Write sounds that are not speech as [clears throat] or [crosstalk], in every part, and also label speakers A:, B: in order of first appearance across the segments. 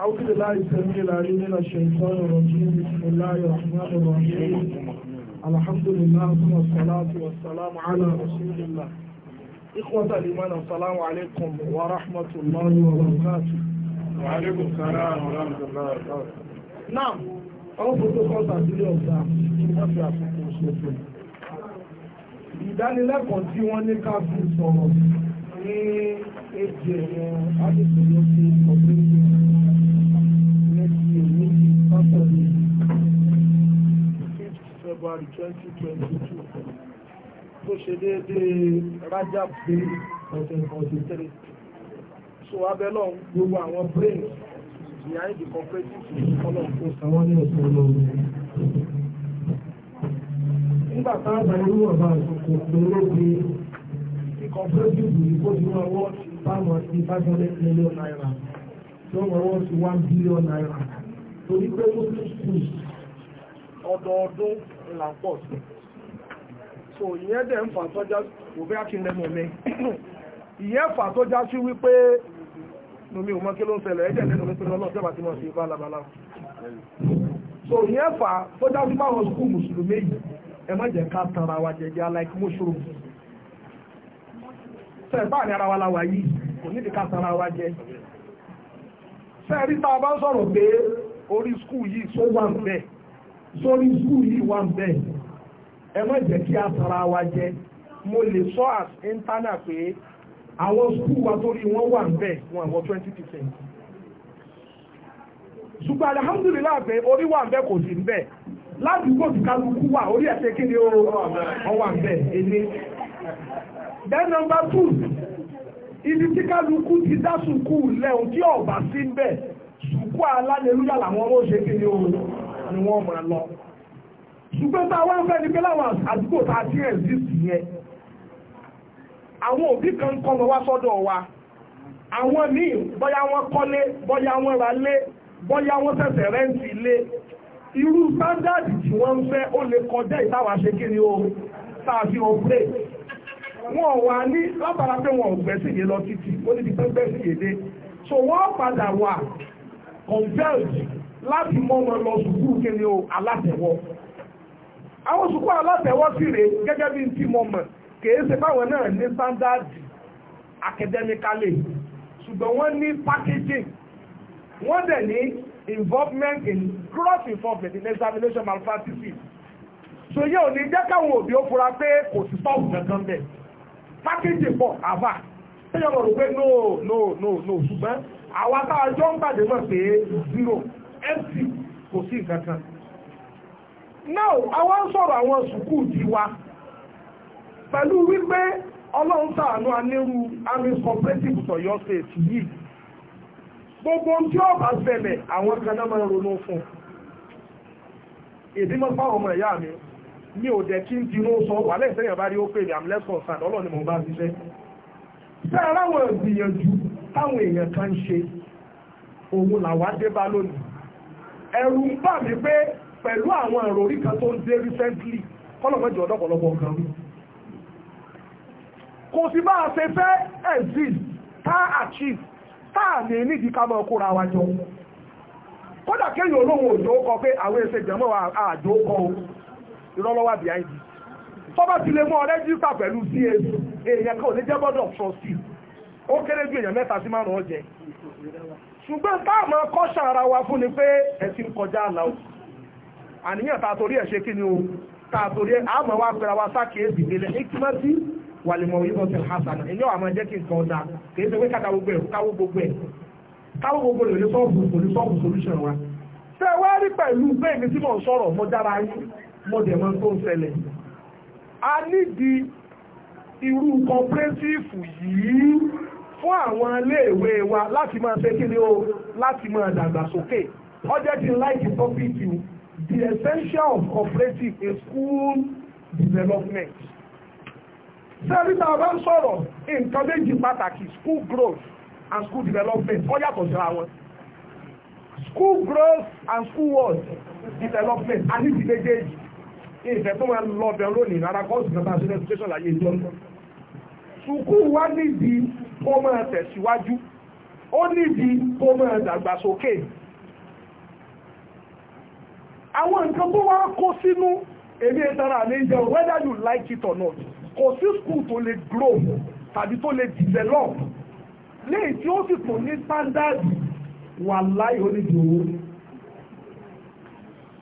A: أعوذ بالله السميع العليم من الشيطان الرجيم بسم الله الرحمن الرحيم الحمد لله والصلاة والسلام على رسول الله إخوة الإيمان السلام عليكم ورحمة الله وبركاته وعليكم السلام ورحمة الله وبركاته نعم أوفر تقوص عزيزي أبدا ما في أفكار ìdánilẹ́kọ̀ọ́ tí wọ́n ní ká fi sọ̀rọ̀ sí ní èjì ẹ̀rọ
B: adìsọ́lọ́sí ọ̀gbẹ́ni lẹ́sí èyí sátọ̀dé
A: fifth february 2022. twenty
B: two tó
A: ṣe déédéé rajab day ọ̀sẹ̀ ọ̀sẹ̀ tẹ́lẹ̀ so abẹ́ náà gbogbo àwọn brains behind the cooperative system ọlọ́run tó sàn
B: wọ́n ní ọ̀sẹ̀ ọlọ́run
A: nígbà táwọn ìlú ọ̀bá àtúnkò pé lóde cooperative yìí kó ti worth wọ́ fáwọn five hundred million naira some are worth sí one billion naira torí pé muslim school ọdọọdún là ń pọ̀ sí so ìyẹn dẹ̀ ń fà tọ́já òbí akínlẹ́mọ̀ mi [clears throat] ìyẹn fà tọ́já sí wípé nomi ò mọ kí ló ń ṣẹlẹ̀ ẹ̀jẹ̀ lẹ́nu mi pé lọ́nà ọ̀jọ́ àti mọ̀ sí balabala so ìyẹn fà tọ́já sí báwọn skul mùsùlùmí yìí ẹ má jẹ́ ká tanra wa jẹjẹ like mushrooms sẹ́ẹ̀bá ní ara wa láwà yìí kò ní ìdíkà sára wa jẹ́ sẹ́ẹ̀rí tá a bá sọ̀rọ̀ pé skul yìí só wà ń bẹ̀ sórí skul yìí wà kí a sára wa jẹ́ mo lè sọ as intana pé àwọn skul wa torí wọ́n wà ń bẹ̀ 20% àwọn twenty percent ṣùgbọ́n alihamudulilayi pé orí wà ń bẹ̀ kò sí ń bẹ̀ ládùúgbò tí kálukú wà orí ẹ̀ṣẹ́ kí ni ó wà ń bẹ̀ then number two ibi tí kálukú ti dá sùkú lẹ́hùn tí ọ̀bà sí bẹ̀ sùkú alálẹ́lúyà làwọn ọmọ òṣè kiri o ni wọ́n mọ̀ lọ. ṣùgbọ́n tá a wá ń fẹ́ ni pé láwọn àdúgbò tá a ti rẹ̀ sí sí yẹn àwọn òbí kan kọ́ lọ wá sọ́dọ̀ wa àwọn míì bóyá wọ́n kọ́lé bóyá wọ́n ra lé bóyá wọ́n ṣẹ̀ṣẹ̀ rẹ́ǹtì ilé irú sáńdáàdì tí wọ́n ń fẹ́ ó lè kọjá ìtawà ṣe kiri o tá a fi hàn pé wọn wà ní lábàrá pé wọn ò gbẹ́sìn yé lọ títì ó ní ti pẹ́ gbẹ́sìn yé dé so wọ́n padà wà compelled láti mọ́mọ́ lọ sùkúrù kí ni o alátẹ̀wọ́ àwọn sùkúrù alátẹ̀wọ́ sì rèé gẹ́gẹ́ bí ti mọ́mọ́ kìí ṣe báwọn náà ní standard academically ṣùgbọ́n wọ́n ní packaging wọ́n dẹ̀ ní involvement in cross involvement in examination malpractice so yẹ́ ò ní jẹ́ káwọn òbí ó fura pé kò sí sọ́ọ̀bù kankan bẹ́ẹ̀ pákéjì pọ̀ àbá tẹ́yọ̀ mọ̀ rò pé no no no no ṣùgbọ́n àwa táwa jọ ń pàdé mọ̀ pé zero empty kò sí now ń wa pẹ̀lú wípé ọlọ́run ṣàánú anírú army cooperative tọ̀yọ́ state yìí gbogbo tí ó bá ṣẹlẹ̀ àwọn kan náà máa ronú fún èdè mọ́ fáwọn mi ò dẹ̀ kí n ti ló sọ wà lẹ́yìn sẹ́yìn bá rí ó pè ní amlẹ́sọ̀ sàn ọlọ́ni mo bá ṣiṣẹ́ bẹ́ẹ̀ aláwọ̀ ìgbìyànjú táwọn èèyàn kan ń ṣe òun làwa dé bá lónìí ẹ̀rù ń bà mí pé pẹ̀lú àwọn èrò orí kan tó ń dé recently kọ́lọ̀mọ́jọ ọ̀dọ́pọ̀lọpọ̀ kan rú kò sí bá a ṣe fẹ́ exist tá achieve tá à ní nídìí ká máa kóra wa jọ kódà kéèyàn olóhùn òjò kọ pé àwọn èsè jẹ́mọ́ àjò kọ́ ìrọ́lọ́wà behind it tọ́bá ti lè mú ọ rẹ́jísítà pẹ̀lú CAC èèyàn kan ò ní jẹ́ board of trustee ó kéré ju èèyàn mẹ́ta sí márùn-ún ọ̀jẹ̀ ṣùgbọ́n táàmù kọ́ṣà ara wa fún ni pé ẹ̀sìn kọjá àlà o àníyàn ta torí ẹ̀ ṣe kí ni o ta torí àmọ́ wa pẹ̀lú wa sákèésì ilẹ̀ hikimati wàlìmọ̀ ìbọ̀sẹ̀ hasan ẹ̀yọ́ àmọ́ jẹ́ kí nǹkan ọ̀dà kì í ṣe pé káta gbogbo ẹ̀ káwó gbogbo ẹ̀ káwó gbogbo ẹ̀ lè sọ́ọ̀bù solution wa ṣé wá rí pẹ̀lú bẹ́ẹ̀ mi tí mò ń sọ̀rọ̀ mo dára yín mo dẹ̀ mọ́ tó ń ṣẹlẹ̀ a nídìí irú kọpírẹ́tífù yìí fún àwọn iléèwé wa láti máa ṣe kí ni o láti máa dàgbàsókè ọjọ́ ti láìkí tọ́pìtì the essential of cooperative in school development sẹ́ríta ọba ń sọ̀rọ̀ nǹkan méjì pàtàkì school growth and school development ó yàtọ̀ síra wọn school growth and school world development a ní ti méjèèjì ìfẹ́ tó máa lọ ọbẹ̀ lónìí rárá kọ́ọ̀sì kan bá ṣe education láyé ìjọ sùkúù wá nídìí kó máa tẹ̀síwájú ó nídìí kó máa dàgbàsókè àwọn nǹkan tó wá kó sínú èmi ìtara àlejò whether you like it or not kò sí sùkúù tó lè grow tàbí tó lè develop léyìí tí ó sì tún ní standard wà láì onídìí owó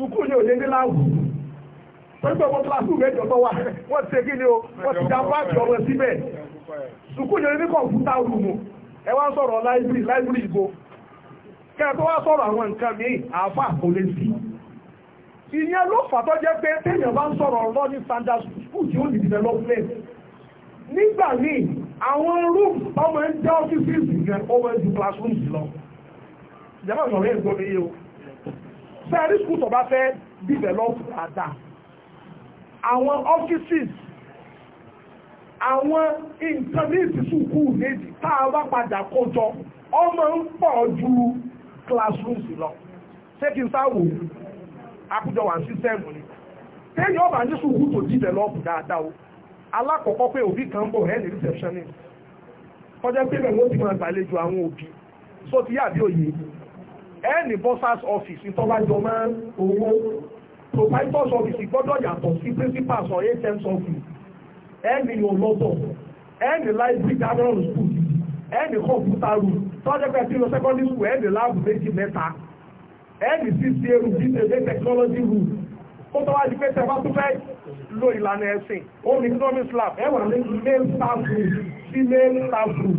A: sùkúù ní òye níláwù pẹ̀lú ọmọ kíláàsì mẹ́jọ tó wà wọ́n ti kí ni o wọ́n ti dáa báàkì ọmọ síbẹ̀ sùkúù ní òye ní kọ̀ǹpútà rúmù ẹ wá sọ̀rọ̀ láìbírì láìbírì ìgbò kẹ́ẹ̀ tó wá sọ̀rọ̀ àwọn nǹkan míì àáfà kò lè sí ìyẹn ló fà tó pé téèyàn bá ń sọ̀rọ̀ ọ̀rọ̀ ní standard school tí ó ní development nígbà míì àwọn room ọmọ ń jẹ́ ọ́fíìsì ìgbẹ́ ọmọ ẹ̀jú classrooms lọ ìjọba ìjọba ìgbòmíye o sẹ́rí skul tó bá fẹ́ develop dada àwọn offices àwọn nǹkan ní ìsìsú kù méjì tá a bá padà kó jọ ọmọ ń pọ̀ ju classrooms lọ ṣé kí n sáwò àkójọ wà system ni téèyàn ọba ní sùkú tó develop dáadáa o alákọ̀ọ́kọ́ pé òbí kan bò ẹ́ ní receptionist kọjá pé bẹ̀rẹ̀ wọ́n ti máa gbàlejò àwọn òbí só ti yá àbí òye yìí ẹni bọ́sàs ọ́fíìsì tọ́wájọ máa ń owó proprietors ọ́fíìsì gbọ́dọ̀ yàtọ̀ sí principals or hms ọ́fíìsì ẹni yóò lọ́tọ̀ ẹni library general school ẹni computer room tọ́jọ́pẹ́ tí lọ secondary school ẹni láàbù méjì mẹ́ta ẹni cca room dta technology room ó tọ́wá di pé tẹ́fà tó fẹ́ lo ìlànà ẹ̀sìn home economics lab ẹwà ní male staff room female staff room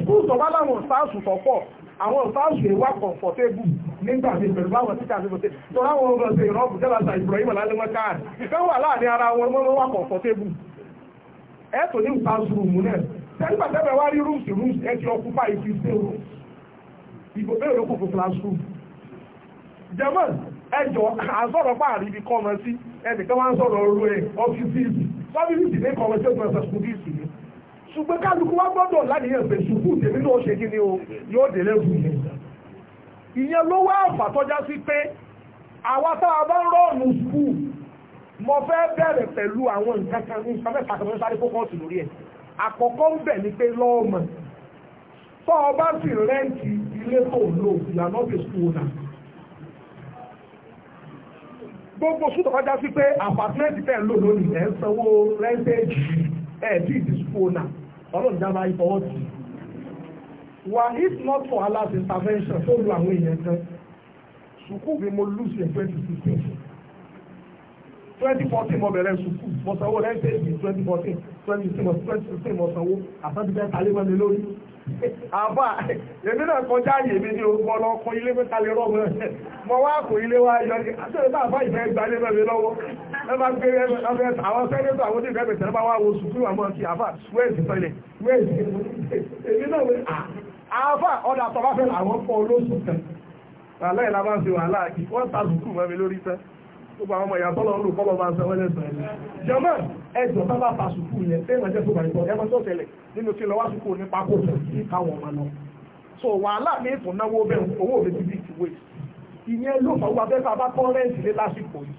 A: school tọ́wá láwọn staff sọ̀pọ̀ àwọn ìfáàṣù ìwà kọ̀ǹfọ̀tébù nígbà tí pẹ̀lú báwọn títà sí fòtẹ́ tó láwọn ọmọ ṣe ìrọ́bù tẹ́lásà Ibrahim alálẹ́wọ́n káàdì ìfẹ́ wà láàrin ara wọn wọ́n wà kọ̀ǹfọ̀tébù ẹ tó ní ìfáàṣù rùmù náà tẹ́lifà tẹ́lẹ̀ wá rí rúùsì rúùsì ẹ ti ọkùnfà ìfi sí o ìbò bẹ́ẹ̀ ló kò fún fúláṣù jẹ́mọ́ ẹjọ́ àsọ̀rọ̀ páàrí ibi kọ́mọ sí ẹnìkan wá ń sọ̀rọ̀ ọrọ̀ ẹ̀ ọ́fíìsì sọ́fíìsì ní kọ́mọ sí ọ̀gbọ̀n sọ̀kùnfíìsì ṣùgbọ́n kálukú wá gbọ́dọ̀ láníyàn pé ṣùkú tèmi náà ṣe kí o yóò dé lẹ́rù yẹn ìyẹn ló wá àfàtọ́já sí pé àwa tá a bá rọ́ọ̀nù ṣùkú mo fẹ́ bẹ̀rẹ̀ pẹ̀lú àwọn nǹkan kan ní ìsọmẹ́ ìsàkàmọ́ sáré fókọ́ọ̀sì lórí ẹ̀ àkọ́kọ́ ń bẹ̀ ni pé lọ́ọ̀mọ̀ tó o bá sì rẹ́ǹtì ilé tó lò ìyànà bí ṣùkú náà gbogbo sùn tọ́kọ́já sí pé àpàtúrẹ́ǹtì tẹ̀ ń lò lónìí ẹ̀ ń sanwó rẹ́ǹtẹ́jì ẹ̀ẹ́dì ìdìsúkú náà ọlọ́run jábá ìfọwọ́ tì í wà if not for Allah's intervention tó lu àwọn èèyàn kan sùkúù bí mo lose in twenty sixteen twenty fourteen mo bẹ̀rẹ̀ sùkúù mo sanwó lẹ́sẹ̀ twenty fourteen twenty sixteen mo sanwó àtàbí bẹ́ẹ̀ talé wọn lé lórí àbá èmi náà kọjá yèmí ní ogun ọlọ́kùn ilé mẹ́ta lè rọ́mọ mọ́ wá kò ilé wá yọ ní àtẹ́lẹ́bà àbá ìfẹ́ gba mẹ́rin lọ́wọ́ lọ́bá gbé àwọn sẹ́lẹ́tọ̀ àwọn tí ìfẹ́ bẹ̀tẹ̀ lọ́bá wá wo sùkúrù àmọ́ ti àbá wẹ́ẹ̀sì pẹ̀lẹ̀ wẹ́ẹ̀sì èmi náà ah, àbá ọ̀dà tọ́bá fẹ́ àwọn pọ̀ olóṣù kan aláì la máa ń ṣe wàhálà kí wọ́n ta sùkúrù mọ́ mi lórí tẹ́ gbogbo àwọn ọmọ ìyàtọ̀ lọ́rùn kọ́lọ́ máa ń sẹ́wọ́lẹ́sọ̀ ẹ̀ jẹ́mọ́ ẹjọ́ tó bá fa sùkúù yẹn ṣé ìrìnàjò tó bá yẹ kọ́ ẹ máa tó tẹ̀lẹ̀ nínú kí lọ wá sùkúù nípa kó tẹ̀ sí káwọn ọmọ lọ. so wàhálà mi ìtún náwó bẹ́ẹ̀ owó mi ti bí ti wé ìyẹn ló fà wá bẹ́ẹ̀ bá bá kọ́ rẹ́ǹtì lé lásìkò yìí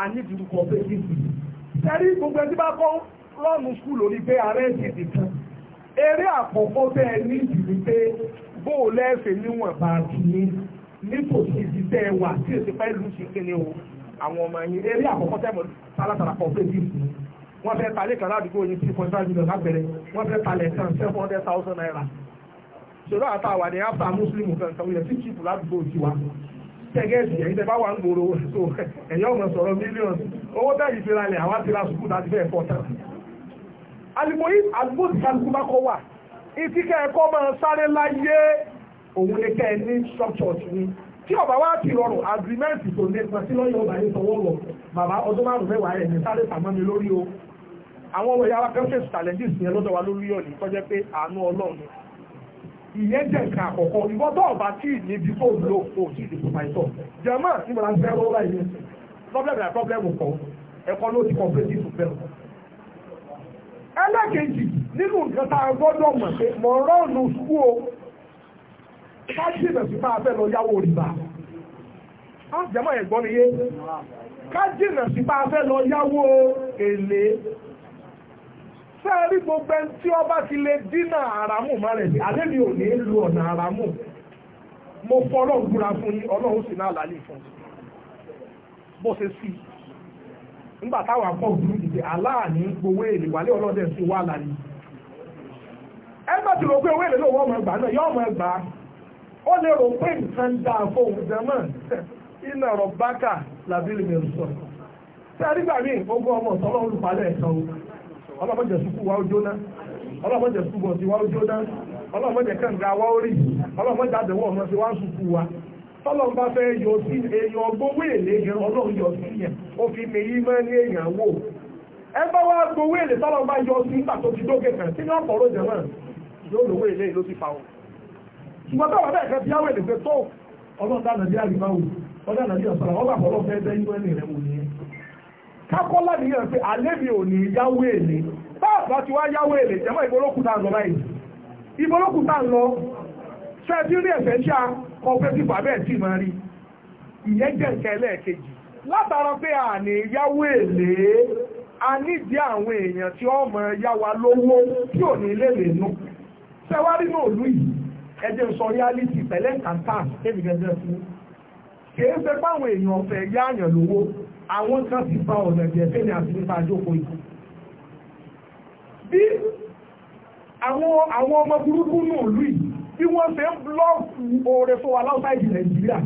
A: a ní ìdúró kọ́ bẹ́ẹ̀ ní ìlú. sẹ́rí gbogbo ẹni bá kọ́ lọ́ọ̀nù sùkúù lórí pé arẹ́ǹtì ti kan eré àkọ́kọ́ bẹ́ẹ̀ ní ìdílé pé bóòlù ẹ̀fẹ̀ níwọ̀n bá ti ní nítòsí ìdílé wà tí èsì pẹ́ lù àwọn ọmọ yìí eré àkọ́kọ́ tẹ́mọ̀ tálátàlá kọ́ bẹ́ẹ̀ ní ìlú wọ́n fẹ́ talé kan ládùúgbò yìí three point five million lápẹ̀rẹ̀ wọ́n fẹ́ talẹ̀ kan seven hundred thousand naira ṣòro àti àwọn àdéhà pa muslim kankan yẹ sí chief ládùúgbò tiwa tẹ́gẹ́sì ẹ̀yin tẹ́ bá wà ń gbòòrò so ẹ̀yọ́ ọmọ sọ̀rọ̀ millions owó bẹ́ẹ̀ ìfira lẹ̀ àwọn àti lásùkú láti fẹ́ fọ́ tán. alimoyi alimoti kálukú bá kọ wà etí kẹ́ẹ̀kọ́ máa sáré láyé òun ni kẹ́ẹ̀ ní structures ni tí ọba wa ti rọrùn agreement tó ní ẹgbẹ́ sí lọ́yọ̀ ọba yìí tọwọ́ lọ bàbá ọdún márùn-ún mẹ́wàá ẹ̀ ní sáré sàmọ́ mi lórí o àwọn ọmọ ìyá wa kan fèsì challenges yẹn lọ́dọ̀ wa lórí ọ̀nì tó jẹ́ pé àánú ọlọ́run ìyẹn jẹ́ nǹkan àkọ́kọ́ ìwọ́n tó ọba tí níbi tó lò ó sì di supervisor jẹ́mọ́ nígbà láti fẹ́ rọ́ọ̀bà yìí problem na problem kọ̀ ẹ̀kọ́ ló ti complete to fail. ẹlẹ́kejì nínú nǹkan tá a gbọ́dọ̀ mọ̀ pé mọ̀ rọ́ọ̀nù sùkú o kájí ìbẹ̀sùn máa fẹ́ lọ yáwó rìbá ah, jẹ́mọ́ ẹ̀gbọ́n mi yé kájí ìbẹ̀sùn máa fẹ́ lọ yáwó èlé sáàrí gbogbo ẹni tí ọba ti lè dínà àràmù má rẹ̀ ní àlébi ò ní lu ọ̀nà àràmù mo fọ́lọ́ gbúra fún yín ọlọ́run sì náà lálẹ́ fún bó ṣe sí nígbà táwọn akọ́ gbúrú dìde aláàní gbowó èlé wálé ọlọ́dẹ sí wà ọmọ ẹgbà náà yọ ọmọ ẹgbà ó lè rò pé nǹkan fóun iná làbí lè gbogbo ọmọ ọ̀sán ọlọ́run ọlọ́mọdé sùkú wa ó jóná ọlọ́mọdé sùkú wa ó jóná ọlọ́mọdé kànga wa ó ọlọ́mọdé ọmọ sí wa ń sùkú wa tọ́lọ́n bá fẹ́ yọ sí èèyàn gbowó èlé yẹn ọlọ́run yọ sí yẹn ó fi mi yí èèyàn wò ẹ bá wá èlé tọ́lọ́n bá yọ sí nígbà tó ti dókè kan sínú náà yóò kákọ́lá nìyàn pé àlébi ò ní yáwó èlé báàbá ti wá yáwó èlé jẹ́mọ́ ìbólókùtà ń lọ báyìí ìbólókùtà ń lọ ṣẹ́ẹ̀tì rí ẹ̀fẹ́ ṣá cooperative abẹ́ẹ̀ tí máa rí ìyẹn jẹ́ nǹkan ẹlẹ́ẹ̀kejì látara pé à ní yáwó èlé a nídìí àwọn èèyàn tí ó mọ̀ yá wa lówó tí ò ní lè lè nú ṣẹ́wárí náà lù yìí ẹjẹ́ sọ reality pẹ̀lẹ́ kàńtà kébìgẹ́jẹ́ fún kì èèyàn ọ̀fẹ́ lówó àwọn kan ti fa ọ̀nà ìjẹ̀fẹ́ ni àti nípa àjókò yìí bí àwọn ọmọ burúkú náà lù yìí bí wọ́n fẹ́ blọ́ọ̀kù oore fún wa láwùsáìdì nàìjíríà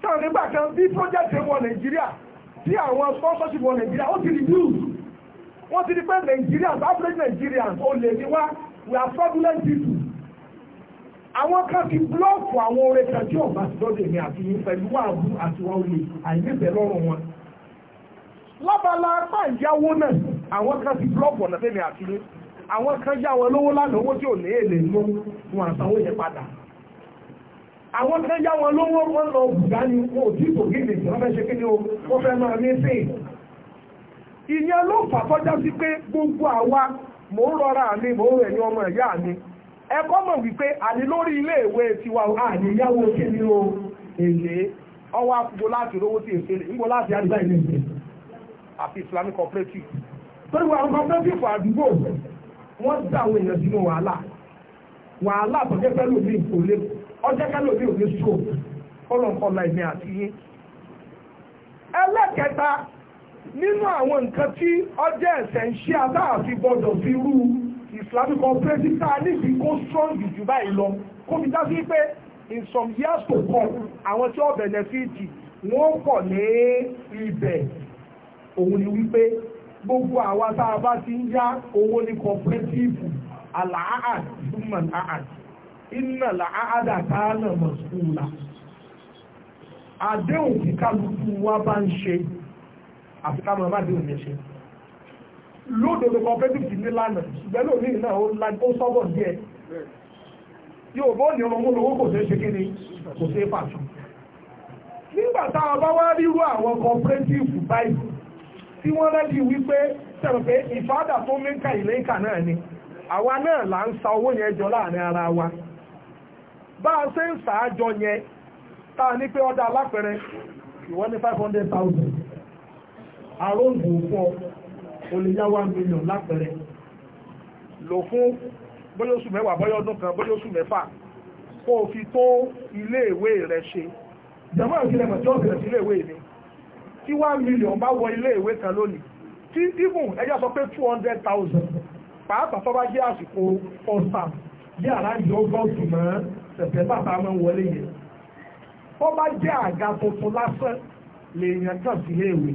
A: sáà nígbà kan bí pọ́jẹ́tì wọ nàìjíríà tí àwọn sponsorship wọ nàìjíríà ó ti rí news wọ́n ti rí pé nàìjíríà average Nigerians ó lè ní wá we are fraudulent people àwọn kan ti búlọ́ọ̀kù àwọn oore kan tí ọba ti lọ́dọ̀ èmi àti yín pẹ̀lú wàhálù àti wọn olè àìníbẹ̀ lọ́rùn wọn. lábala apá ìyáwó náà àwọn kan ti búlọ́ọ̀kù ọ̀nà tẹ̀mí àti yín àwọn kan yá wọn lówó lánàá owó tí ò ní èlé mú wọn àtàwọn yẹn padà. àwọn kan yá wọn lówó wọn lọ bùgá ni wọn ò tí tòkí lè tí wọn fẹ́ ṣe kí ni o wọn fẹ́ máa ní sí. ìyẹn ló fà kọjá sí pé gbogbo àwa mò ń rọra mi mò ń rẹ̀ ní ọmọ ẹ̀yà mi ẹkọ́ mọ̀ wípé àní lórí ilé ìwé tiwa àní ìyáwó kí ní o èlé ọwọ́ àfúgbò láti rówó tí èsè rẹ̀ láti àdúgbà ilé àfi Islamic cooperative torí wọn cooperative àdúgbò wọ́n dá àwọn èèyàn sínú wàhálà wàhálà àti yín nínú àwọn nǹkan tí islamic cooperative tá a níbi kó strong jù báyìí lọ kó fi dá sí pé in some years to come àwọn tí ó benefit wọ́n pọ̀ ní ibẹ̀ òun ni wípé gbogbo àwa tá a bá ti ń yá owó ní cooperative àlàáhàd human ahad Inna làáhàdà tààlà mọ̀sùlùmá àdéhùn kíkálukú wa bá ń ṣe àfikà mọ̀ bá dé òun lódodo cooperative ti ní lánà ṣùgbọ́n lómi o ó lánà ó sọ́bọ̀ díẹ̀ yóò bọ́ ní ọmọ olówó kò ṣeé ṣe ni? kò ṣeé pàṣọ. nígbà tá a bá wá rírú àwọn cooperative báyìí tí wọ́n wípé pé ìfádà tó ni àwa náà là ń owó yẹn jọ láàrin wa bá a ṣe yẹn tá a ní pé five hundred thousand fún o lè yá one million lápẹẹrẹ lò fún bóyá oṣù mẹ́wàá bóyá ọdún kan bóyá oṣù mẹ́fà kó o fi tó iléèwé rẹ ṣe jàmbá ìṣẹ̀lẹ̀ mọ̀ tí ó bẹ̀rẹ̀ sí iléèwé mi tí one million bá wọ iléèwé kan lónìí tí even ẹjọ́ sọ pé two hundred thousand pàápàá tó bá jẹ́ àsìkò ọ̀sán jẹ́ àrájọ ọgọ́ọ̀tù mọ́ tẹ̀tẹ̀ bàbá máa ń wọlé yẹn tó bá jẹ́ àga tuntun lásán lèèyàn kàn sí iléèwé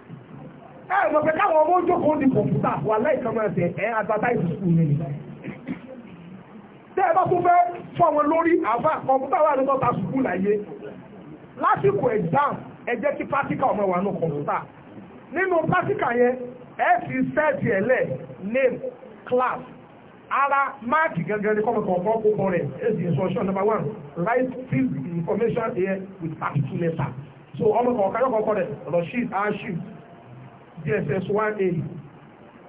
A: ẹ mọ̀ pé káwọn ọmọ ojókòó di kọ̀ǹpútà wà láìkọ́mọ̀ ẹ̀sẹ̀ ẹ̀ advertise school ni tẹ́ ẹ bá tún fẹ́ fún àwọn lórí àbá kọ̀ǹpútà wà ní tọ́ta school láyé lásìkò exam ẹ jẹ́ kí practical ọmọ wà ní kọ̀ǹpútà nínú practical yẹn ẹ fi sẹ́ẹ̀tì ẹ̀ name class ara máàkì gẹ́gẹ́ ní kọ́mọ̀kọ́ ọ̀pọ̀ kókó rẹ̀ is the instruction number one write fill information here with particular letter so ọmọkọ̀ọ̀kan yọkọ̀ọ̀kọ̀ rẹ̀ Rasheed sheet dss one a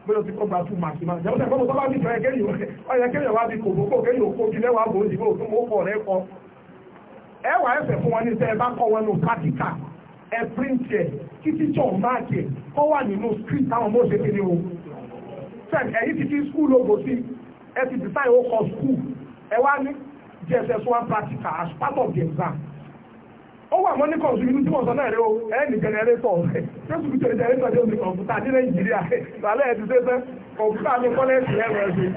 A: bóyá ti kọ́ bá tún màá sí máa jẹun tẹ́kọ́ tó bá bí fẹ́ kéyìn ọ̀yà kéyìn wá bí kòkòkò kéyìn òkú kí lẹ́wàá bò ó sì bò ó kọ̀ rẹ́ kọ. ẹ wà ẹsẹ̀ fún wọn ní sẹ́ ẹ bá kọ́ wọn nù pátíkà ẹ píríǹtì ẹ kí tíṣọ̀ máàkì ẹ kọ́ wà nínú script táwọn mọ́ ṣe kéde o. sẹ́n ẹ̀yìn ti fi skul logo sí ẹ ti design ó kọ skul ẹ wá ní dss one practical as part of the exam ó wà mọ́ ní kọ̀ọ̀sù inú tí wọ́n sọ náà rí o ẹni jẹnẹrétọ̀ jésù fi jẹnẹrétọ̀ tí ó fi kọ̀ǹpútà ní nàìjíríà lálẹ́ ẹ̀ ti dé tán kọ̀ǹpútà mi kọ́lẹ́ sí ẹ̀rọ ẹ̀sìn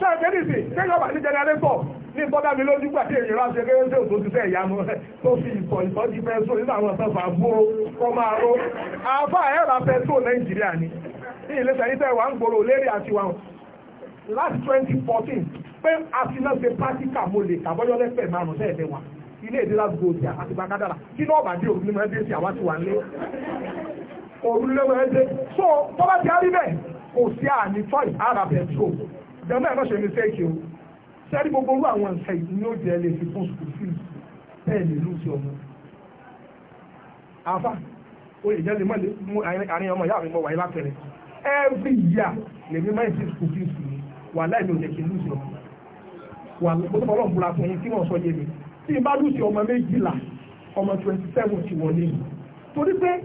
A: ṣé ẹ̀ kéde sí ṣé ìjọba ní jẹnẹrétọ̀ ní bọ́dá mi lójú gbà tí èyí rà ṣe kéré tó ti fẹ́ ìyanu tó fi ìkọ̀ ìtọ́jú pẹ́só nínú àwọn ọ̀sánfà gbóró kọ́ máa ró àáfà ẹ̀rà pẹ́só nàìjíríà ni ní ilé sẹ́yìn tẹ́ wà ń gbòòrò lérí àti wà láti 2014 pé àfinà ṣe pátíkà mo lè kàbọ́yọ́lẹ́fẹ̀ẹ́ márùn-ún sẹ́ẹ̀dẹ́wà ilé èdè láti gòkè àti gbàgádàrà kí náà bàjẹ́ òru ní mẹ́ẹ́dẹ́ sí àwa ti wà nílé òru ní mẹ́ẹ́dẹ́ so tó bá ti á rí bẹ́ẹ̀ kò sí àní tọ́ì ara pẹ̀tró jẹ́mọ́ ẹ̀ mọ́ṣẹ́ mi sẹ́ẹ̀kì o sẹ́ẹ̀rí gbogbo orú àwọn nǹkan ìlú ní ó jẹ́ lè fi fún sùkúl fíìs bẹ́ẹ̀ lè lù sí ọmọ àfà ó lè jẹ́ lè mọ́ àárín ọmọ ìyá mi mọ́ wáyé látẹ̀rẹ̀ every year lèmi máa ń fi sùkúl fíìs mi wà láì mi ò jẹ́ kí lù sí ọmọ wà lọ́pọ̀ ọlọ́run búra fún yín tí tí n bá lùsì ọmọ méjìlá ọmọ twenty ti wọlé torí pé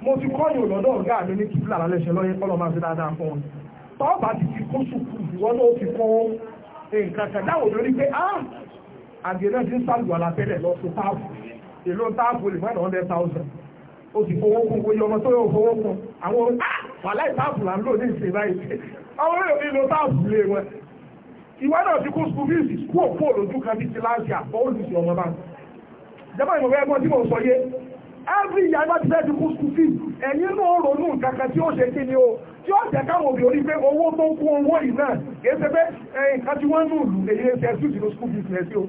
A: mo ti kọ́ yòó lọ́dọ̀ ọ̀gá mi ní kìbìlà lálẹ́sẹ̀ lọ́yẹ́ kọ́ lọ́ dáadáa fún wọn tọ́ọ̀bà ti ti kó sùkú ìwọ́n náà ti kó nǹkan dáwò lórí pé á ah! àgbẹ̀ náà ti ń sàlùwà lápẹ́lẹ̀ lọ táàbù èlò táàbù lè mọ́ ìdánwò ó ti fowó kún oye ọmọ tó yóò fowó kún àwọn ah! wàhálà ìtáàbù là ń lò ní ìsìn báyìí ọmọ yóò ní lo táàbù lé wọn ìwà náà ti kó school fees kú òkú òlójú kan ní ti láti àpọ̀ olùsí ọmọ bá jẹ́mọ́ ìmọ̀wé ẹgbọ́n tí mo sọ yé every year bá ti fẹ́ ti kó school fees ẹ̀yin náà ronú nǹkan kan tí ó ṣe kí ni o tí ó jẹ́ káwọn òbí orí pé owó tó ń kó owó yìí náà kìí ṣe pé ẹ̀yìn kan tí wọ́n nù lù èyí ṣe ẹ̀sùn ìlú school fees rẹ̀ o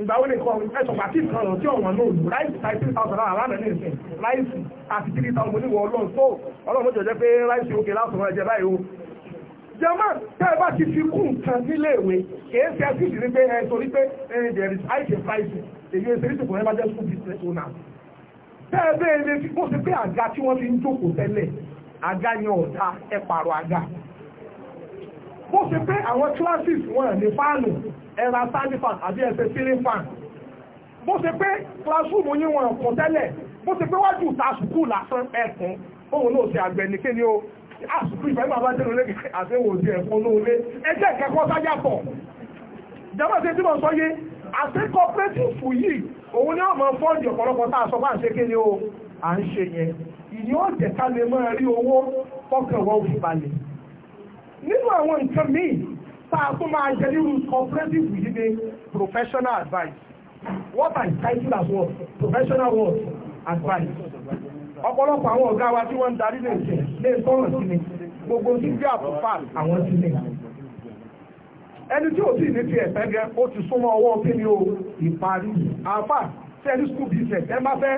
A: ìgbà wo lè kọ ẹ̀sùn pàtí kan lọ tí ọ̀wọ̀n náà lù láìsí thirty thousand naira lánàá ní ìsìn láìsí àti three thousand oníwọ̀ ọlọ́run tó ọlọ́run tó jẹ́ pé láìsí òkè láti ọ̀rọ̀ ẹ̀jẹ̀ báyìí o jama tẹ́ bá ti fi kún nǹkan nílé ìwé kìí ṣe ẹsì ìdílé pé ẹ torí pé there is high price èyí ẹ ṣeré tòkùnrin bá jẹ́ school business owner tẹ́ bẹ́ẹ̀ lè fi kó ṣe pé àga tí wọ́n fi ń jókòó tẹ́lẹ̀ àga yẹn ọ̀dà ẹ pààrọ̀ àga bó ṣe pé àwọn classes wọn ní fáànù ẹ̀rọ sandy fan àbí ẹsẹ̀ ceiling fan bó ṣe pé classroom yín wọn kọ̀ tẹ́lẹ̀ bó ṣe pé wájú ta sùkúù lásán ẹ̀kún òun náà ṣe àgbẹ̀ nìkéni o àsùkú ìfẹ́ bàbá jẹ́rù lé àtẹ́wò òjì ẹ̀fún olóolé ẹjẹ́ àti òun ni ọmọ fọ́ọ̀dì ọ̀pọ̀lọpọ̀ tá sọ bá ń ṣe kí ni o à ń ṣe yẹn ìyẹn ó jẹ́ lè máa rí owó fọ́kàn wọ́n nínú àwọn nǹkan míì tá a máa jẹ nínú cooperative yìí ni professional advice what I title as what professional what advice ọ̀pọ̀lọpọ̀ àwọn ọ̀gá wa tí wọ́n ń darí lè ṣe lè sọ̀rọ̀ sí ni gbogbo tí jẹ́ àtúfà àwọn sí ni ẹni tí ò sí ní ti ẹ̀fẹ́ gẹ ó ti súnmọ́ ọwọ́ kí ni o ìparí àfà sẹ́ni school business ẹ má fẹ́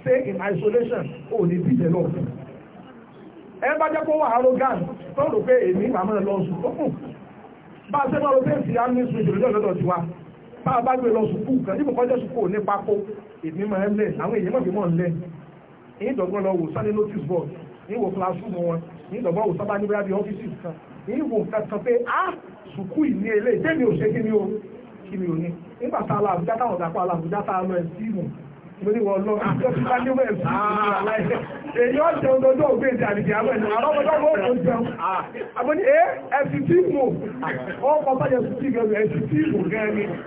A: stay in isolation ò ní bíjẹ lọ ẹ bá jẹ́ kó wà arrogant tó rò pé èmi màmá lọ sùn tó kù bá a ṣe máa ro pé èsì á ní sùn ìdòdó lọ́dọ̀ tiwa bá a bá gbé lọ sùkúù kan níbo kọjá sùkúù nípa kó èmi máa ń lẹ̀ àwọn èèyàn mọ̀ fi mọ̀ ń lẹ̀ ní ìdọ̀gbọ́n lọ wò sunday notice board ní ìwò classroom wọn ní ìdọ̀gbọ́n wò sábà níbi rábì ọ́fíìsì kan ní ìwò kankan pé a ah, sùkú ìní eléyìí tẹ́mi ò ṣe kí ni o kí ni o ní nígbà tá a lọ àbújá táwọn ọ̀dà pa àbújá tá a lọ ah, ẹ̀ sí ìmù lórí wọn lọ àti ọtí bá níwẹ̀ sí ìlú aláì èyí ó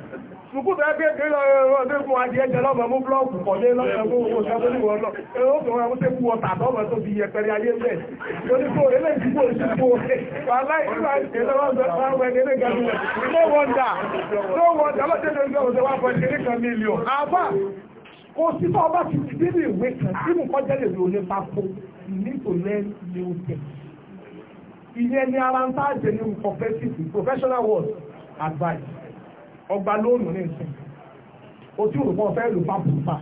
A: Sùkúta ẹgbẹ́ ìgbé lọ́rọ̀ ọdún fún adìẹ jẹ lọ́mọ mú blọ́ọ̀kù kọ̀lé lọ́rọ̀ ọdún owó ìṣàbọ̀ ní wọ́n lọ. Ẹ̀rọ òfin wọn mú tẹ́kù ọ̀tà àtọ́mọ̀ tó fi yẹ pẹ̀lú ayé bẹ̀. Onígbò ilé ìdìbò ìṣàbò wàhálà ìlú àìsè lọ́wọ́ ọ̀gbọ̀n ẹgbẹ́ gẹ̀ẹ́gẹ́. No wonder, no wonder, lọ́tẹ́lẹ̀ ìgbẹ́ òṣèwà fọ́ ìṣẹ́lẹ̀ kan mílíọ̀n. Àbá kò sí bá ọba ti dé ní ìwé kan tí mo kọ́ jẹ́ lè rí olè bá fún ní kò lẹ́nu Ìyẹn ni ara ń tá àjẹ ní professional world advice ọgbà lóònù ní ìsìn ojú òrùpọ̀ fẹ́ lù fà pùpà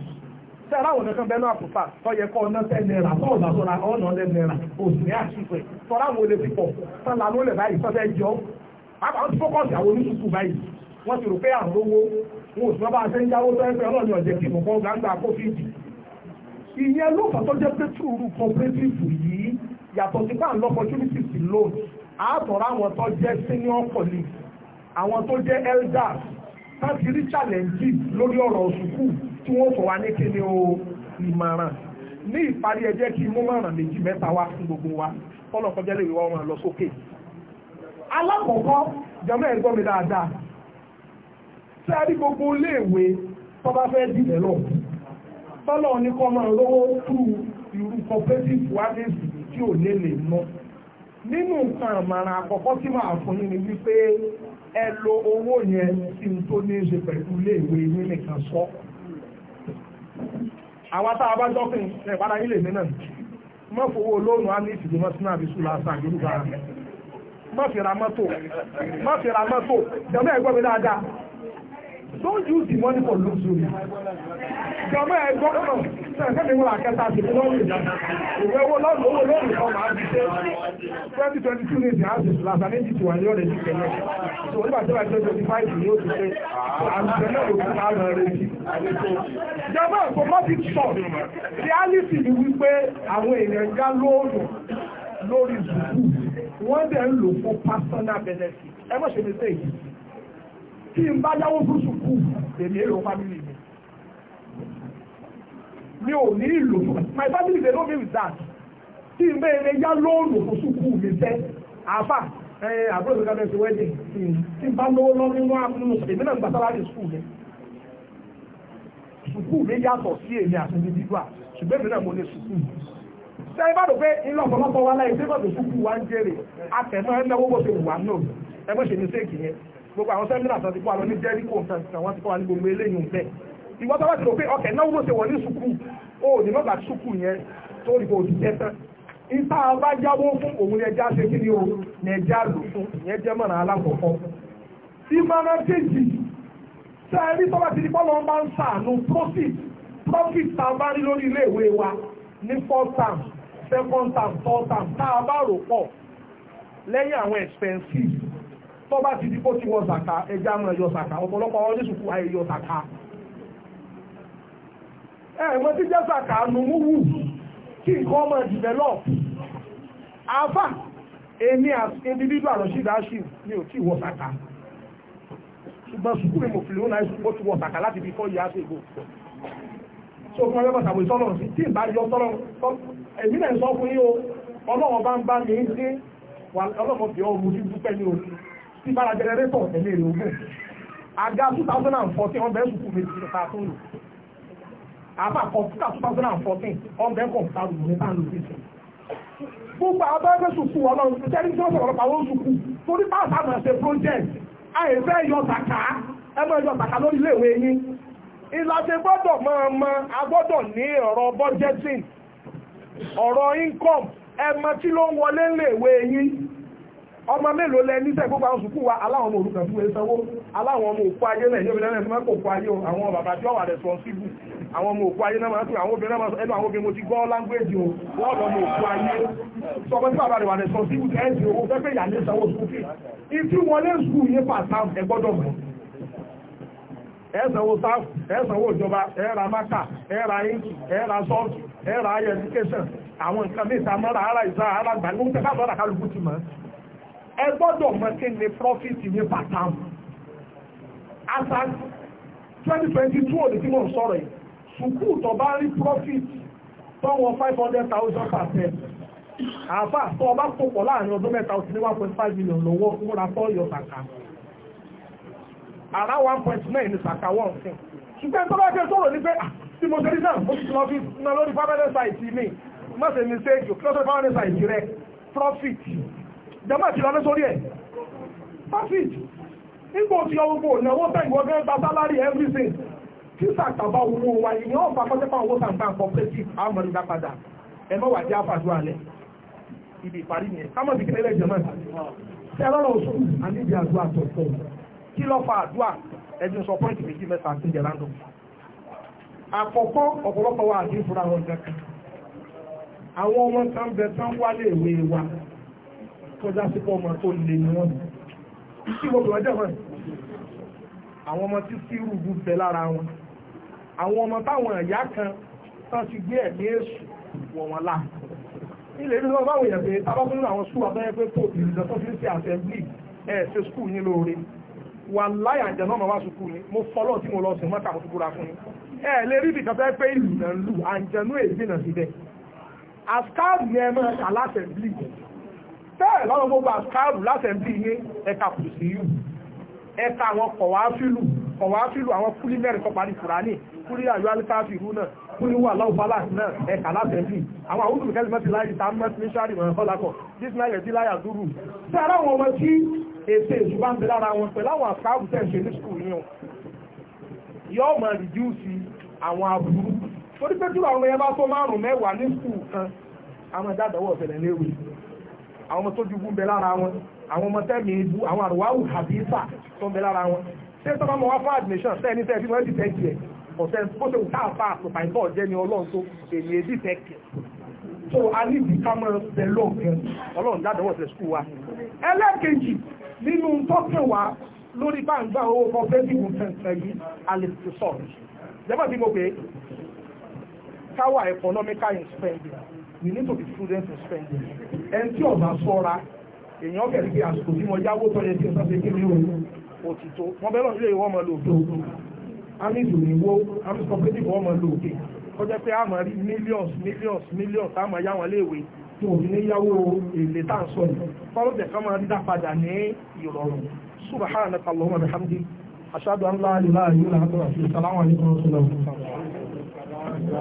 A: ṣé aláwọ̀ kankan bẹ́ẹ̀ náà pùpà tó yẹ kọ́ ọ̀nà tẹ́ náírà tó ọ̀nà tó ra ọ̀nà ọ̀nà náírà òsì ní àṣìṣe tọ́lá àwọn olè pípọ̀ tọ́lá ló lè báyìí sọ́fẹ́ jọ àwọn ti fọ́kọ̀sì àwọn oníṣùkú báyìí wọ́n ti rò pé àrùn owó wọn ò sì bá ṣe ń jáwó tó ẹgbẹ́ ọlọ́ọ̀ni ọ̀jẹ̀ kìnnìkan kan gbangba kófíìdì ìyẹn ló fà tó jẹ́ pé túrú cooperative yìí yàtọ̀ sí pé àlọ́ opportunities loan àátọ̀rọ̀ àwọn tó jẹ́ senior colleagues àwọn tó jẹ́ elders láti rí challenge lórí ọ̀rọ̀ sùkúù tí wọ́n fọ̀ wá ní kíni o ìmọ̀ràn ní ìparí ẹ jẹ́ kí mú mọ̀ràn méjì mẹ́ta wá fún gbogbo wa kọ́nà kọjá lè wá ọmọ lọ sókè. alákọ̀ọ́kọ́ jọmọ́ ẹ̀ gbọ́ mi dáadáa tí a rí gbogbo iléèwé tó bá fẹ́ dìbẹ̀ lọ tọ́lọ̀ ní kọ́ máa lówó tú irú cooperative wellness tí ò lè lè ná nínú nǹkan àmàràn àkọ́kọ́ tí màá fún yín ni wípé ẹ owó yẹn sí n tó ní ṣe pẹ̀lú iléèwé ilé nìkan sọ àwa tá bá jọ́kùn ẹ̀ padà ilé mi náà mọ́ fowó lóòrùn á ní ìsìnkú mọ́sánà àbí sùlọ àṣà àgbélúgbà rẹ̀ má fi ra mọ́tò má fi ra mọ́tò jọmọ́ ẹ̀gbọ́ mi dáadáa don't use the money for luxury jọmọ́ ẹ̀gbọ́ náà Ìgbẹ́wó àkẹta ti lọ́rùn ìgbẹ́wó lọ́rùn owó lọ́rùn kan máa ń ṣe 2022 ní ìsìn àti ìsìlàsà méjì tí wà ní ọ̀rẹ́ ti tẹ̀lé. So nígbà tí wọ́n ti tẹ̀lé 25 ni ó ti pé àtìsẹ́ náà ló ti máa rán retí. Ìjọba ìfọmọ́tì sọ̀ reality ni wípé àwọn èèyàn já lóòrùn lórí zùkú wọ́n dẹ̀ ń lò fún personal benefit. Ẹ mọ̀ ṣe mi sẹ́yìn. Kí n bá dáwó fún zùkú, èmi èrò family mi mi ò ní ìlò my family dey know me with that tí n bẹ́ẹ̀ lè yá lóòlù fún sùkú mi fẹ́ àbá àbúrò mi ká bẹ́ẹ̀ sí wedding tí n bá lówó lọ́wọ́ nínú àmúnú èmi náà gbà sára ní sùkú mi sùkú mi yàtọ̀ sí èmi àti individual ṣùgbọ́n èmi náà mo ní sùkú ṣe é bá dò pé ilé ọ̀pọ̀lọpọ̀ wa láyé tí bọ́dọ̀ sùkú wa ń jèrè àtẹ̀mọ́ ẹ̀ náwó bó ṣe wù wá náà ẹ mọ̀ ṣe ní séèkì yẹn gbogbo àwọn sẹ́mínà tó ti kó wa ní jẹ́ríkò nǹkan kan wọ́n ti kọ́ wa ní gbogbo eléyìí nǹkan ìwọ́n bá wà ti rò pé ọkẹ̀ náà wọ́n ṣe wọ̀ ní sùkú ó ní mọ́gbà sùkú yẹn tó rí bó ti tẹ́tán ìta bá jáwó fún òun ẹja ṣe kí ni o ní ẹja lò fún ìyẹn jẹ́ mọ̀nà alákọ̀ọ́kọ́ ìmọ̀ràn kejì tẹ́ ẹ rí tọ́lá ti di pọ́lọ́ bá ń sàánú profit profit tá a bá rí lórí ilé ìwé wa ní first term second term third term tá a bá rò pọ̀ lẹ́yìn àwọn expenses tó bá ti di kó ti wọ zàkà ẹja mọ̀ ẹ̀yọ zàkà ọ̀pọ̀lọpọ̀ ọdún sùkú ayẹyọ zàkà ẹ̀mọ́ tí jẹ́sà kàánù múwù kí nǹkan ọmọ develop afá èmi as individual àlọ́ṣídáṣì ní òtí ìwọ sàkà ṣùgbọ́n sùkúrù ni mo fi lóun láì sùkúrù ti wọ sàkà láti fi kọ́ ìyá àgbègbò so fún ọlọ́pàá tàbí sọ́lọ̀ sí tí ìbá yọ sọ́lọ̀ èmi náà sọ fún yíò ọlọ́wọ́ bá ń bá mi ń sí ọlọ́pàá fi ọrùn ojú dúpẹ́ ní orí tí bára jẹrẹrétọ̀ ẹ̀lẹ́ ìlú ogun àga 2014 ọbẹ̀ sùkúrù méjì ta tó lò àbá kọ̀ǹpútà two thousand and fourteen ọ̀nbẹ kọ̀ǹpútà lòun ní báńlò fífi. gbogbo àwọn bẹ́ẹ̀ sùkú ọlọ́run tó tẹ́lẹ̀ tí wọ́n sọ̀rọ̀ pàwọ́ sùkú torí pàṣẹ àmọ̀ ṣe project àìfẹ́ yọ zàkà ẹ mọ̀ yọ zàkà lórí iléèwé yín. ìlàjẹ gbọ́dọ̀ máa mọ agbọ́dọ̀ ní ọ̀rọ̀ budgeting ọ̀rọ̀ income ẹmọ tí ló ń wọlé léèwé yín ọmọ mélòó lẹ níṣẹ́ gbogbo àwọn sùkúù wa aláwọn ọmọ òrukàn fún ẹsanwó aláwọn ọmọ òkú ayé lẹ́yìn òbí lẹ́yìn tí wọ́n kò kó ayé àwọn bàbá tí wọ́n wà responsible àwọn ọmọ òkú ayé náà máa tún àwọn obìnrin náà máa sọ ẹnu àwọn obìnrin mo ti gbọ́ láńgbèjì o wọ́n lọ ọmọ òkú ayé sọ pé bàbá rẹ̀ wà lẹ̀ sọ sí ibùdó ẹ̀sì owó fẹ́ pé ìyá lè sanwó sùkúl fi ìtú wọlé sùkúl yé pàtà ẹ gbọ́dọ̀ mọ̀ ẹ sanwó sáf ẹ sanwó ìjọba ẹ ra mákà ẹ ra inki ẹ ra sọ́ọ̀tù ẹ ra ayé education àwọn nǹkan mẹ́ta mọ́ra ara ìsá ara gbàgbé ó tẹ́ká mọ́ra kálukú ti mọ́ ẹ gbọ́dọ̀ mọ̀ kí ni profit yé pàtà àṣà 2022 òní tí mò ń sọ̀rọ̀ yìí ṣùkú tó bá rí profit tọ́wọ́ 500,000 percent àfà tó ọba pòpọ̀ láàrin ọdún mẹ́ta òsì ní 1.5 million lọ́wọ́ múra tọ́ yọ sàkà àrá 1.9 ní sàkà wọ́n fún ṣùgbọ́n tó bá fẹ́ sọ̀rọ̀ ní pé ah, tí mo tẹ́lẹ̀ náà mo ti lọ fi ná lórí permanent site mi má ṣe mistake kí ló tó permanent site rẹ profit jama ti lọ sórí ẹ̀ profit nígbà tí ọgbọ̀n náà wọ́n tẹ̀ ìwọ̀n gẹ́gẹ́ gba salary everything títà tàbá owó wa ìyẹn ọ̀fà pọ́tẹ́pà owó tàǹtà cooperative àmọ́rí dá padà ẹ mọ́ wà jẹ́ àfàdúrà lẹ̀ ibi ìparí yẹn ká mọ̀ sí kílẹ̀ lẹ́jọ́ náà tí ẹ lọ́rọ̀ oṣù àníbi àdúrà tó pọ̀ kí lọ́ fa àdúrà ẹni sọ pọ́ǹtì méjì mẹ́ta àti ìjẹ̀ láńdọ̀ àkọ́kọ́ ọ̀pọ̀lọpọ̀ wa àti ìfura wọn gan kan àwọn ọmọ tán bẹ tán wálé ìwé wa kọjá sí pọ́ ọmọ tó lè ní wọn kí wọ́n bẹ̀rẹ̀ jẹ́ wọn àwọn ọmọ tí sírù bú bẹ lára wọn àwọn ọmọ táwọn ìyá kan tán ti gbé ẹ̀mí èṣù wọ̀ wọn lá ilé ìlú lọ́wọ́ báwọn èèyàn pé tábàkùnrin àwọn skul abẹ́rẹ́ pé tó ìrìnlẹ̀ tó fi ń ṣe assembly ẹ̀ ṣe skul ní lóore wà láyà jẹ́ náà máa skul ni mo fọlọ́ tí mo lọ sí mọ́ta àkókò búra fún yín ẹ̀ lè rí ibìkan fẹ́ pé ìlú náà ń lù àǹjẹ̀nú èdè náà síbẹ̀ àskáàbù ni ẹ máa kà lásẹ̀mblì bẹ́ẹ̀ lọ́wọ́ gbogbo àskáàbù lásẹ̀mblì ní ẹ̀ka kùsìyù ẹ̀ka àwọn kọ̀wáfílù ọ̀wá fílù àwọn kúlí mẹ́rin tó parí kùránì kúlí àyọ́ alikáfì rú náà kúlí wà láwù balance náà ẹ̀ka látẹ̀lì àwọn àwọn olùkẹ́lì mẹ́tì láì ta mẹ́tì ní sáré mọ̀ ọ̀lákọ̀ dísì náà yẹ̀dí láyà dúró sí ara wọn ọmọ tí èsè ìṣùgbà ń bẹ lára wọn pẹ̀lú àwọn àkáàbù tẹ̀ ṣe ní skul yẹn yọ ọmọ rìdíùsì àwọn aburú torí pé tíwọ àwọn ẹyẹbá tó márùn mẹ́wàá ní skul kan àwọn ẹ̀dá àdáwọ̀ ọ̀fẹ̀lẹ̀ léwu àwọn ọmọ tó ju gún bẹ lára wọn àwọn ọmọ tẹ́mi ibu àwọn àrùwáwù àbí ìfà tó ń bẹ lára ṣé tó bá mọ̀ wá fún admission sẹ́ni tẹ́ fi wọ́n ti tẹ́ jẹ ọ̀sẹ̀ ó ṣe òkà àfà àpòpà ìbọ̀ jẹ́ ni ọlọ́run tó èyí èdè tẹ́ kẹ̀ tó a ní ìdí ká mọ́ ẹ lọ́ọ̀kẹ́ ọlọ́run dáadọ́wọ́ ṣe skul wa ẹlẹ́ẹ̀kejì nínú tọ́kẹ̀ wa lórí báńgbà owó kan fẹ́ dìbò tẹ̀sán yìí àlèkè sọ̀rọ̀ lẹ́bàá bí mo pé káwà economical in spending we need to be prudent in spending ẹni tí ọ̀bà sọ́ra èèyàn bẹ̀rẹ̀ pé àsìkò tí mo yáwó tọ́jú ẹ̀sìn ọ̀sán ṣe kí mi ò òtítọ́ wọ́n bẹ́ẹ̀ lọ́n ilé ìwọ́n máa lò òkè amísù ìwó amísù cooperative wọ́n máa lò òkè kọjá pé a máa rí millions millions millions a máa yá wọn léèwé tí òbí ní yáwó èlé tá à ń sọ yìí fọlọ́jẹ̀ kan máa rí dá padà ní ìrọ̀rùn subhanaka allahumma bihamdik ashhadu an la ilaha illa anta astaghfiruka wa atubu ilayk